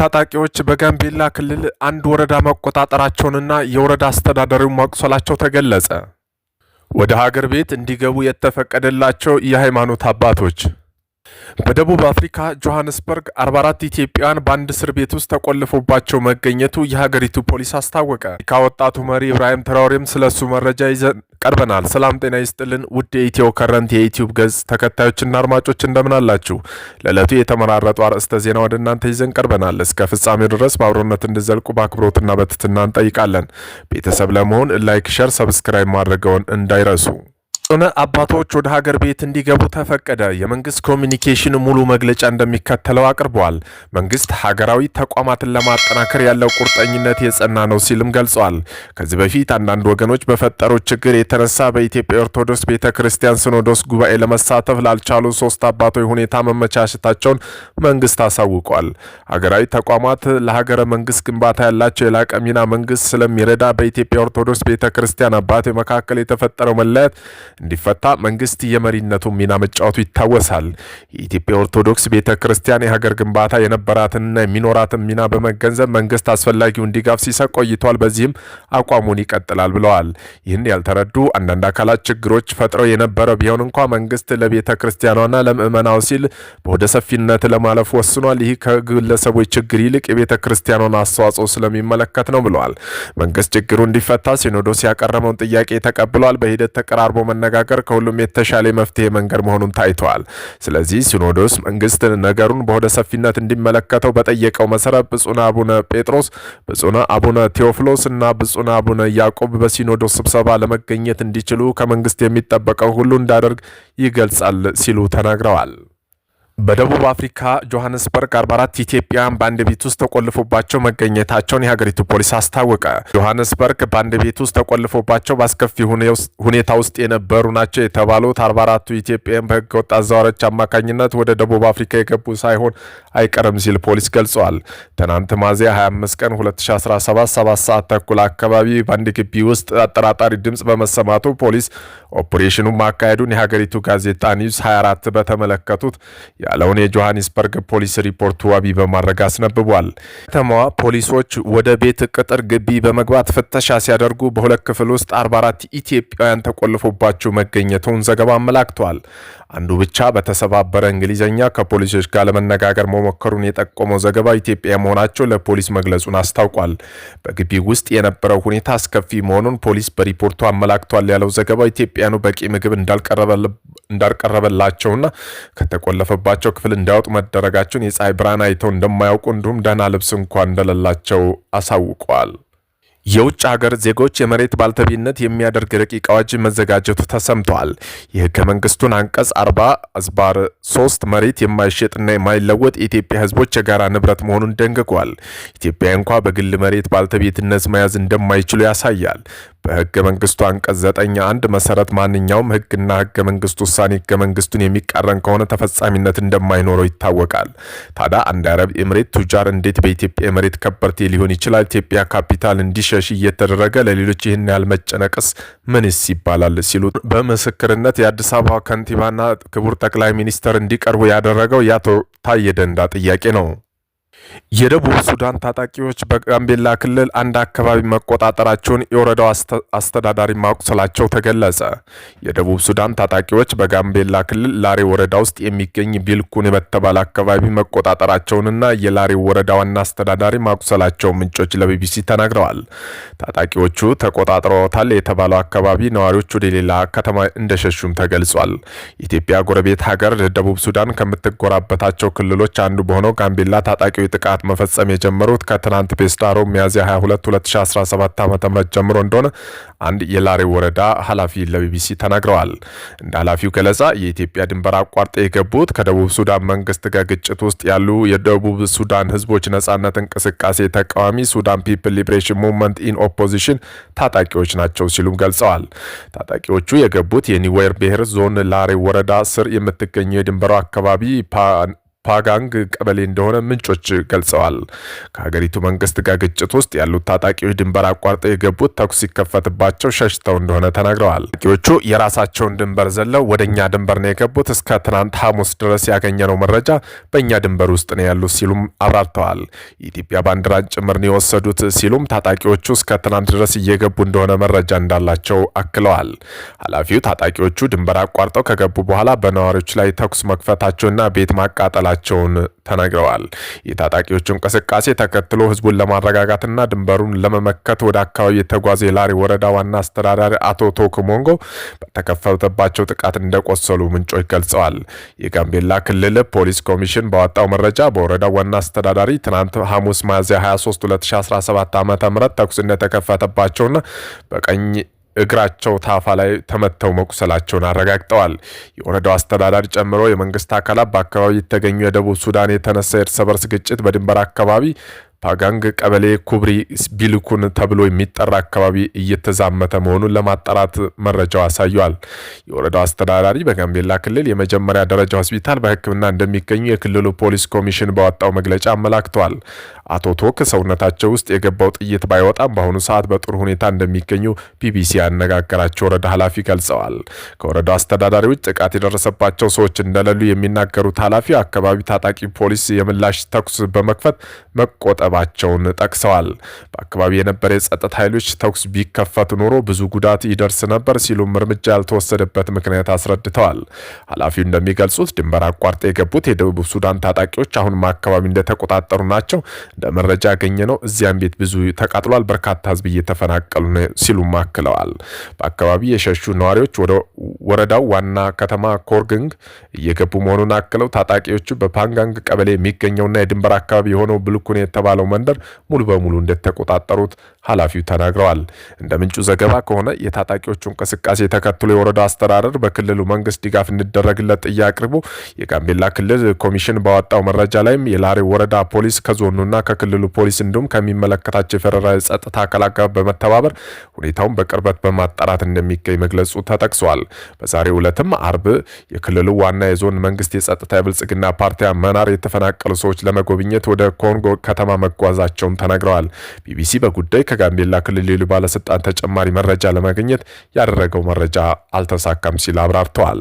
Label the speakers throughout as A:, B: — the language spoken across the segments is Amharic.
A: ታጣቂዎች በጋምቤላ ክልል አንድ ወረዳ መቆጣጠራቸውንና የወረዳ አስተዳዳሪው መቁሰላቸው ተገለጸ። ወደ ሀገር ቤት እንዲገቡ የተፈቀደላቸው የሃይማኖት አባቶች በደቡብ አፍሪካ ጆሃንስበርግ 44 ኢትዮጵያውያን በአንድ እስር ቤት ውስጥ ተቆልፎባቸው መገኘቱ የሀገሪቱ ፖሊስ አስታወቀ። ከወጣቱ መሪ ኢብራሂም ስለ ስለሱ መረጃ ይዘን ቀርበናል። ሰላም ጤና ይስጥልን ውድ የኢትዮ ከረንት የዩትዩብ ገጽ ተከታዮችና አድማጮች እንደምን አላችሁ? ለዕለቱ የተመራረጡ አርዕስተ ዜና ወደ እናንተ ይዘን ቀርበናል። እስከ ፍጻሜው ድረስ በአብሮነት እንዲዘልቁ በአክብሮትና በትትና እንጠይቃለን። ቤተሰብ ለመሆን ላይክ፣ ሸር፣ ሰብስክራይብ ማድረገውን እንዳይረሱ ጾመ አባቶች ወደ ሀገር ቤት እንዲገቡ ተፈቀደ። የመንግስት ኮሚኒኬሽን ሙሉ መግለጫ እንደሚከተለው አቅርበዋል። መንግስት ሀገራዊ ተቋማትን ለማጠናከር ያለው ቁርጠኝነት የጸና ነው ሲልም ገልጿል። ከዚህ በፊት አንዳንድ ወገኖች በፈጠረው ችግር የተነሳ በኢትዮጵያ ኦርቶዶክስ ቤተ ክርስቲያን ሲኖዶስ ጉባኤ ለመሳተፍ ላልቻሉ ሶስት አባቶች ሁኔታ መመቻቸታቸውን መንግስት አሳውቋል። ሀገራዊ ተቋማት ለሀገረ መንግስት ግንባታ ያላቸው የላቀ ሚና መንግስት ስለሚረዳ በኢትዮጵያ ኦርቶዶክስ ቤተ ክርስቲያን አባቶች መካከል የተፈጠረው መለያየት እንዲፈታ መንግስት የመሪነቱን ሚና መጫወቱ ይታወሳል። የኢትዮጵያ ኦርቶዶክስ ቤተ ክርስቲያን የሀገር ግንባታ የነበራትንና የሚኖራትን ሚና በመገንዘብ መንግስት አስፈላጊውን ድጋፍ ሲሰጥ ቆይቷል። በዚህም አቋሙን ይቀጥላል ብለዋል። ይህን ያልተረዱ አንዳንድ አካላት ችግሮች ፈጥረው የነበረ ቢሆን እንኳ መንግስት ለቤተ ክርስቲያኗና ለምዕመናው ሲል በወደ ሰፊነት ለማለፍ ወስኗል። ይህ ከግለሰቦች ችግር ይልቅ የቤተ ክርስቲያኗን አስተዋጽኦ ስለሚመለከት ነው ብለዋል። መንግስት ችግሩ እንዲፈታ ሲኖዶስ ያቀረበውን ጥያቄ ተቀብሏል። በሂደት ተቀራርቦ መነ መነጋገር ከሁሉም የተሻለ መፍትሄ መንገድ መሆኑን ታይተዋል። ስለዚህ ሲኖዶስ መንግስት ነገሩን በሆደ ሰፊነት እንዲመለከተው በጠየቀው መሰረት ብፁዕ አቡነ ጴጥሮስ፣ ብፁዕ አቡነ ቴዎፍሎስ እና ብፁዕ አቡነ ያዕቆብ በሲኖዶስ ስብሰባ ለመገኘት እንዲችሉ ከመንግስት የሚጠበቀው ሁሉ እንዳደርግ ይገልጻል ሲሉ ተናግረዋል። በደቡብ አፍሪካ ጆሃንስበርግ 44 ኢትዮጵያውያን በአንድ ቤት ውስጥ ተቆልፎባቸው መገኘታቸውን የሀገሪቱ ፖሊስ አስታወቀ። ጆሃንስበርግ በአንድ ቤት ውስጥ ተቆልፎባቸው በአስከፊ ሁኔታ ውስጥ የነበሩ ናቸው የተባሉት 44ቱ ኢትዮጵያውያን በህገ ወጥ አዘዋዋሪዎች አማካኝነት ወደ ደቡብ አፍሪካ የገቡ ሳይሆን አይቀርም ሲል ፖሊስ ገልጸዋል። ትናንት ሚያዝያ 25 ቀን 2017 7 ሰዓት ተኩል አካባቢ በአንድ ግቢ ውስጥ አጠራጣሪ ድምፅ በመሰማቱ ፖሊስ ኦፕሬሽኑ ማካሄዱን የሀገሪቱ ጋዜጣ ኒውስ 24 በተመለከቱት ያለውን የጆሃንስበርግ ፖሊስ ሪፖርት ዋቢ በማድረግ አስነብቧል። ከተማዋ ፖሊሶች ወደ ቤት ቅጥር ግቢ በመግባት ፍተሻ ሲያደርጉ በሁለት ክፍል ውስጥ 44 ኢትዮጵያውያን ተቆልፎባቸው መገኘቱን ዘገባ አመላክተዋል። አንዱ ብቻ በተሰባበረ እንግሊዝኛ ከፖሊሶች ጋር ለመነጋገር መሞከሩን የጠቆመው ዘገባ ኢትዮጵያ መሆናቸው ለፖሊስ መግለጹን አስታውቋል። በግቢ ውስጥ የነበረው ሁኔታ አስከፊ መሆኑን ፖሊስ በሪፖርቱ አመላክቷል ያለው ዘገባ ኢትዮጵያኑ በቂ ምግብ እንዳልቀረበላቸውና ከተቆለፈባቸው ከመኝታቸው ክፍል እንዳይወጡ መደረጋቸውን የፀሐይ ብርሃን አይተው እንደማያውቁ እንዲሁም ደህና ልብስ እንኳ እንደሌላቸው አሳውቀዋል። የውጭ ሀገር ዜጎች የመሬት ባልተቤትነት የሚያደርግ ረቂቅ አዋጅ መዘጋጀቱ ተሰምቷል። የህገ መንግስቱን አንቀጽ 40 አዝባር 3 መሬት የማይሸጥና የማይለወጥ የኢትዮጵያ ህዝቦች የጋራ ንብረት መሆኑን ደንግጓል። ኢትዮጵያ እንኳ በግል መሬት ባልተቤትነት መያዝ እንደማይችሉ ያሳያል። በህገ መንግስቱ አንቀጽ ዘጠኝ አንድ መሰረት ማንኛውም ህግና ህገ መንግስት ውሳኔ ህገ መንግስቱን የሚቃረን ከሆነ ተፈጻሚነት እንደማይኖረው ይታወቃል። ታዲያ አንድ አረብ ኤምሬት ቱጃር እንዴት በኢትዮጵያ ኤምሬት ከበርቴ ሊሆን ይችላል? ኢትዮጵያ ካፒታል እንዲሸሽ እየተደረገ ለሌሎች ይህን ያህል መጨነቅስ ምንስ ይባላል? ሲሉ በምስክርነት የአዲስ አበባ ከንቲባና ክቡር ጠቅላይ ሚኒስትር እንዲቀርቡ ያደረገው የአቶ ታዬ ደንዳ ጥያቄ ነው። የደቡብ ሱዳን ታጣቂዎች በጋምቤላ ክልል አንድ አካባቢ መቆጣጠራቸውን የወረዳው አስተዳዳሪ ማቁሰላቸው ተገለጸ። የደቡብ ሱዳን ታጣቂዎች በጋምቤላ ክልል ላሬ ወረዳ ውስጥ የሚገኝ ቢልኩን በተባለ አካባቢ መቆጣጠራቸውንና የላሬ ወረዳ ዋና አስተዳዳሪ ማቁሰላቸው ምንጮች ለቢቢሲ ተናግረዋል። ታጣቂዎቹ ተቆጣጥረዋታል የተባለው አካባቢ ነዋሪዎች ወደ ሌላ ከተማ እንደሸሹም ተገልጿል። ኢትዮጵያ ጎረቤት ሀገር ደቡብ ሱዳን ከምትጎራበታቸው ክልሎች አንዱ በሆነው ጋምቤላ ታጣቂዎች ጥቃት መፈጸም የጀመሩት ከትናንት ቤስዳሮ ሚያዝያ 22 2017 ም ጀምሮ እንደሆነ አንድ የላሬ ወረዳ ኃላፊ ለቢቢሲ ተናግረዋል። እንደ ኃላፊው ገለጻ የኢትዮጵያ ድንበር አቋርጠ የገቡት ከደቡብ ሱዳን መንግስት ጋር ግጭት ውስጥ ያሉ የደቡብ ሱዳን ህዝቦች ነጻነት እንቅስቃሴ ተቃዋሚ ሱዳን ፒፕል ሊብሬሽን ሙቭመንት ኢን ኦፖዚሽን ታጣቂዎች ናቸው ሲሉም ገልጸዋል። ታጣቂዎቹ የገቡት የኒዌር ብሔር ዞን ላሬ ወረዳ ስር የምትገኘው የድንበሩ አካባቢ ፓጋንግ ቀበሌ እንደሆነ ምንጮች ገልጸዋል። ከሀገሪቱ መንግስት ጋር ግጭት ውስጥ ያሉት ታጣቂዎች ድንበር አቋርጠው የገቡት ተኩስ ሲከፈትባቸው ሸሽተው እንደሆነ ተናግረዋል። ታጣቂዎቹ የራሳቸውን ድንበር ዘለው ወደ እኛ ድንበር ነው የገቡት። እስከ ትናንት ሐሙስ ድረስ ያገኘነው መረጃ በእኛ ድንበር ውስጥ ነው ያሉት ሲሉም አብራርተዋል። የኢትዮጵያ ባንዲራን ጭምር ነው የወሰዱት ሲሉም ታጣቂዎቹ እስከ ትናንት ድረስ እየገቡ እንደሆነ መረጃ እንዳላቸው አክለዋል። ኃላፊው ታጣቂዎቹ ድንበር አቋርጠው ከገቡ በኋላ በነዋሪዎች ላይ ተኩስ መክፈታቸውና ቤት ማቃጠል መቀጠላቸውን ተናግረዋል። የታጣቂዎቹ እንቅስቃሴ ተከትሎ ህዝቡን ለማረጋጋትና ድንበሩን ለመመከት ወደ አካባቢ የተጓዘ የላሪ ወረዳ ዋና አስተዳዳሪ አቶ ቶክ ሞንጎ በተከፈተባቸው ጥቃት እንደቆሰሉ ምንጮች ገልጸዋል። የጋምቤላ ክልል ፖሊስ ኮሚሽን ባወጣው መረጃ በወረዳው ዋና አስተዳዳሪ ትናንት ሐሙስ ሚያዝያ 23 2017 ዓ ም ተኩስ እንደተከፈተባቸውና በቀኝ እግራቸው ታፋ ላይ ተመተው መቁሰላቸውን አረጋግጠዋል። የወረዳው አስተዳዳሪ ጨምሮ የመንግስት አካላት በአካባቢ የተገኙ የደቡብ ሱዳን የተነሳ የእርስ በርስ ግጭት በድንበር አካባቢ ፓጋንግ ቀበሌ ኩብሪ ቢልኩን ተብሎ የሚጠራ አካባቢ እየተዛመተ መሆኑን ለማጣራት መረጃው አሳያል። የወረዳው አስተዳዳሪ በጋምቤላ ክልል የመጀመሪያ ደረጃ ሆስፒታል በሕክምና እንደሚገኙ የክልሉ ፖሊስ ኮሚሽን ባወጣው መግለጫ አመላክተዋል። አቶ ቶክ ሰውነታቸው ውስጥ የገባው ጥይት ባይወጣም በአሁኑ ሰዓት በጥሩ ሁኔታ እንደሚገኙ ቢቢሲ ያነጋገራቸው ወረዳ ኃላፊ ገልጸዋል። ከወረዳው አስተዳዳሪዎች ጥቃት የደረሰባቸው ሰዎች እንደሌሉ የሚናገሩት ኃላፊ አካባቢ ታጣቂ ፖሊስ የምላሽ ተኩስ በመክፈት መቆጠ መረባቸውን ጠቅሰዋል። በአካባቢ የነበረ የጸጥታ ኃይሎች ተኩስ ቢከፈት ኖሮ ብዙ ጉዳት ይደርስ ነበር ሲሉም እርምጃ ያልተወሰደበት ምክንያት አስረድተዋል። ኃላፊው እንደሚገልጹት ድንበር አቋርጠው የገቡት የደቡብ ሱዳን ታጣቂዎች አሁንም አካባቢ እንደተቆጣጠሩ ናቸው። እንደ መረጃ ያገኘ ነው እዚያም ቤት ብዙ ተቃጥሏል፣ በርካታ ህዝብ እየተፈናቀሉ ሲሉም አክለዋል። በአካባቢ የሸሹ ነዋሪዎች ወደ ወረዳው ዋና ከተማ ኮርግንግ እየገቡ መሆኑን አክለው ታጣቂዎቹ በፓንጋንግ ቀበሌ የሚገኘውና የድንበር አካባቢ የሆነው ብልኩን የተባለ የተባለው መንደር ሙሉ በሙሉ እንደተቆጣጠሩት ኃላፊው ተናግረዋል። እንደ ምንጩ ዘገባ ከሆነ የታጣቂዎቹ እንቅስቃሴ ተከትሎ የወረዳ አስተዳደር በክልሉ መንግስት ድጋፍ እንዲደረግለት ጥያቄ አቅርቦ የጋምቤላ ክልል ኮሚሽን ባወጣው መረጃ ላይም የላሬ ወረዳ ፖሊስ ከዞኑና ከክልሉ ፖሊስ እንዲሁም ከሚመለከታቸው የፌደራል ጸጥታ አካላት ጋር በመተባበር ሁኔታውን በቅርበት በማጣራት እንደሚገኝ መግለጹ ተጠቅሷል። በዛሬው ዕለትም አርብ የክልሉ ዋና የዞን መንግስት የጸጥታ የብልጽግና ፓርቲ መናር የተፈናቀሉ ሰዎች ለመጎብኘት ወደ ኮንጎ ከተማ መጓዛቸውን ተናግረዋል። ቢቢሲ በጉዳይ ከጋምቤላ ክልል ሌሉ ባለስልጣን ተጨማሪ መረጃ ለማግኘት ያደረገው መረጃ አልተሳካም ሲል አብራርተዋል።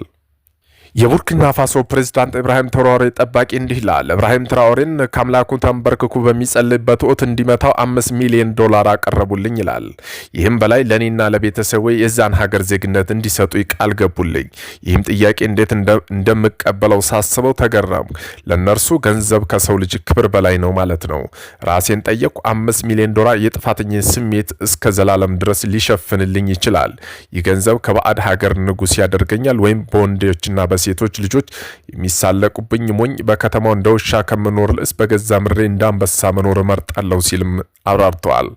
A: የቡርኪና ፋሶ ፕሬዚዳንት ኢብራሂም ትራኦሬ ጠባቂ እንዲህ ይላል። ኢብራሂም ትራኦሬን ከአምላኩ ተንበርክኩ በሚጸልይበት ወቅት እንዲመታው አምስት ሚሊዮን ዶላር አቀረቡልኝ ይላል። ይህም በላይ ለእኔና ለቤተሰብ የዛን ሀገር ዜግነት እንዲሰጡ ቃል ገቡልኝ። ይህም ጥያቄ እንዴት እንደምቀበለው ሳስበው ተገረሙ። ለእነርሱ ገንዘብ ከሰው ልጅ ክብር በላይ ነው ማለት ነው። ራሴን ጠየቅኩ። አምስት ሚሊዮን ዶላር የጥፋተኝን ስሜት እስከ ዘላለም ድረስ ሊሸፍንልኝ ይችላል። ይህ ገንዘብ ከባዕድ ሀገር ንጉሥ ያደርገኛል ወይም በወንዶችና በ ሴቶች ልጆች የሚሳለቁብኝ ሞኝ በከተማው እንደ ውሻ ከምኖር ልእስ በገዛ ምድሬ እንደ አንበሳ መኖር እመርጣለሁ ሲልም አብራርተዋል።